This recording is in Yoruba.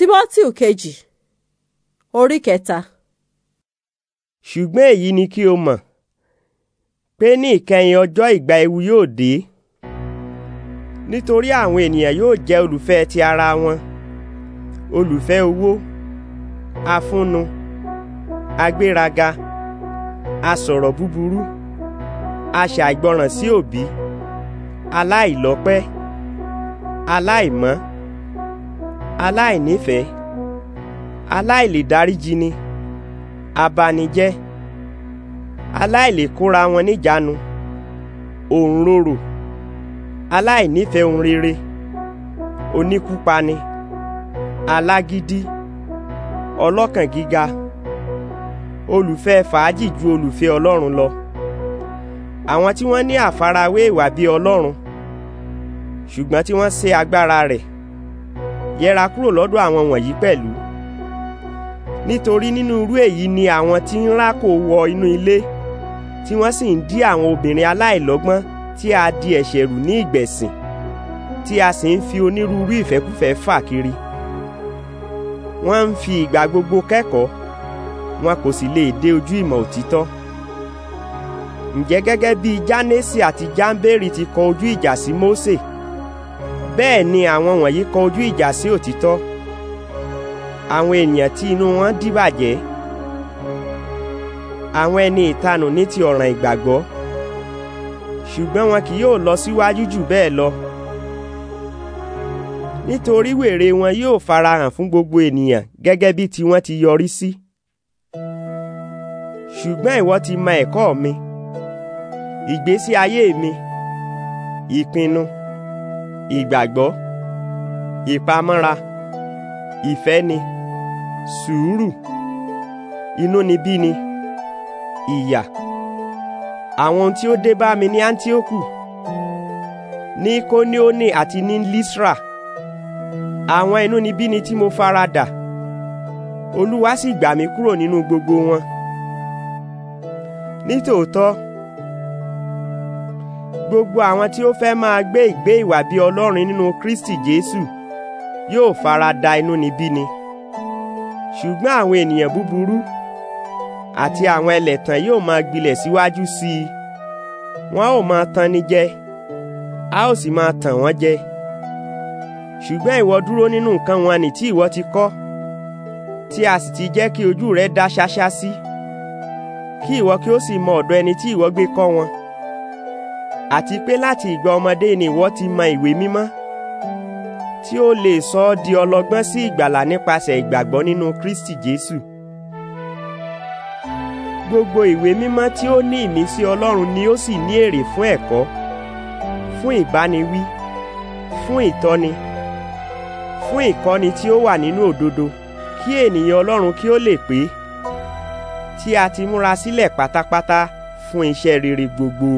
timoteo kejì orí kẹta. ṣùgbọ́n èyí ni kí o mọ̀ pé ní ìkẹyìn ọjọ́ ìgbà ewu yóò dé nítorí àwọn ènìyàn yóò jẹ́ olùfẹ́ ti ara wọn olùfẹ́ owó afúnnu agbéraga asọ̀rọ̀ búburú aṣàìgbọràn sí òbí aláìlọ́pẹ́ aláìmọ́ aláìnífẹ̀ẹ́ aláìlèdáríjì ni abanijẹ́ aláìlèkóra wọn níjánu òǹrorò aláìnífẹ̀ẹ́ ohun rere oníkúpani alágídí ọlọ́kàn gíga olùfẹ́ fàájì ju olùfẹ́ ọlọ́run lọ àwọn tí wọ́n ní àfarawé ìwà bíi ọlọ́run ṣùgbọ́n tí wọ́n sé agbára rẹ̀ yẹra kúrò lọ́dọ̀ àwọn wọ̀nyí pẹ̀lú nítorí nínú irú èyí ni àwọn tí ń rákò wọ inú ilé tí wọ́n sì ń dí àwọn obìnrin aláìlọ́gbọ́n tí a di ẹ̀ṣẹ̀ rù ní ìgbẹ̀sìn tí a sì ń fi onírúurú ìfẹ́kúfẹ́ fà kiri wọ́n ń fi ìgbà gbogbo kẹ́kọ̀ọ́ wọn kò sì lè dé ojú ìmọ̀ òtítọ́ ǹjẹ́ gẹ́gẹ́ bí Jánésì àti Jáńbérì ti kọ ojú ìjà sí Mósè bẹ́ẹ̀ ni àwọn wọ̀nyí kọ ojú ìjà sí òtítọ́ àwọn ènìyàn tí inú wọn dìbàjẹ́ àwọn ẹni ìtanù ní ti ọ̀ràn ìgbàgbọ́ ṣùgbọ́n wọn kì yóò lọ síwájú jù bẹ́ẹ̀ lọ nítorí wèrè wọn yóò farahàn fún gbogbo ènìyàn gẹ́gẹ́ bí tiwọn ti yọrí sí ṣùgbọ́n ìwọ ti mọ ẹ̀kọ́ mi ìgbésí ayé mi ìpinnu. E ìgbàgbọ́ ìpamọ́ra ìfẹ́ni sùúrù inúnibíni ìyà àwọn ohun tí ó dé bá mi ní Áńtíókù ní Kóníónì àti ní Lísrà àwọn inúnibíni tí mo faradà Olúwa sì gbà mí kúrò nínú gbogbo wọn nítòótọ́ gbogbo àwọn tí ó fẹ́ máa gbé ìgbé ìwà bí ọlọ́rin nínú Kristi Jésù yóò fara da inúnibíni ṣùgbọ́n àwọn ènìyàn búburú àti àwọn ẹlẹ̀tàn yóò máa gbilẹ̀ síwájú sí i wọn ó máa tan ni jẹ a ó sì máa tàn wọ́n jẹ ṣùgbọ́n ìwọ dúró nínú nǹkan wọn nì tí ìwọ ti kọ́ tí a sì ti jẹ́ kí ojú rẹ dá ṣáṣá sí kí ìwọ kí ó sì mọ ọ̀dọ̀ ẹni tí ìwọ gbé kọ́ wọn àti pé láti ìgbà ọmọdé ni ìwọ ti mọ ìwé mímọ́ tí ó lè sọ ọ́ di ọlọ́gbọ́n sí ìgbàlà nípasẹ̀ ìgbàgbọ́ nínú Kristi Jésù gbogbo ìwé mímọ́ tí ó ní ìmísí Ọlọ́run ni ó sì ní èrè fún ẹ̀kọ́ fún ìbániwí fún ìtọ́ni fún ìkọ́ni tí ó wà nínú òdodo kí ènìyàn Ọlọ́run kí ó lè pé tí a ti múra sílẹ̀ pátápátá fún iṣẹ́ rere gbogbo.